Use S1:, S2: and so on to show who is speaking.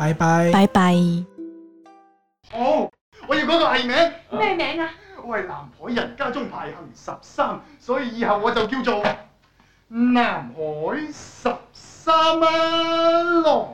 S1: 拜拜。好，我要個藝名咩名啊？我係南海人，家中排行十三，所以以後我就叫做南海十三郎囉。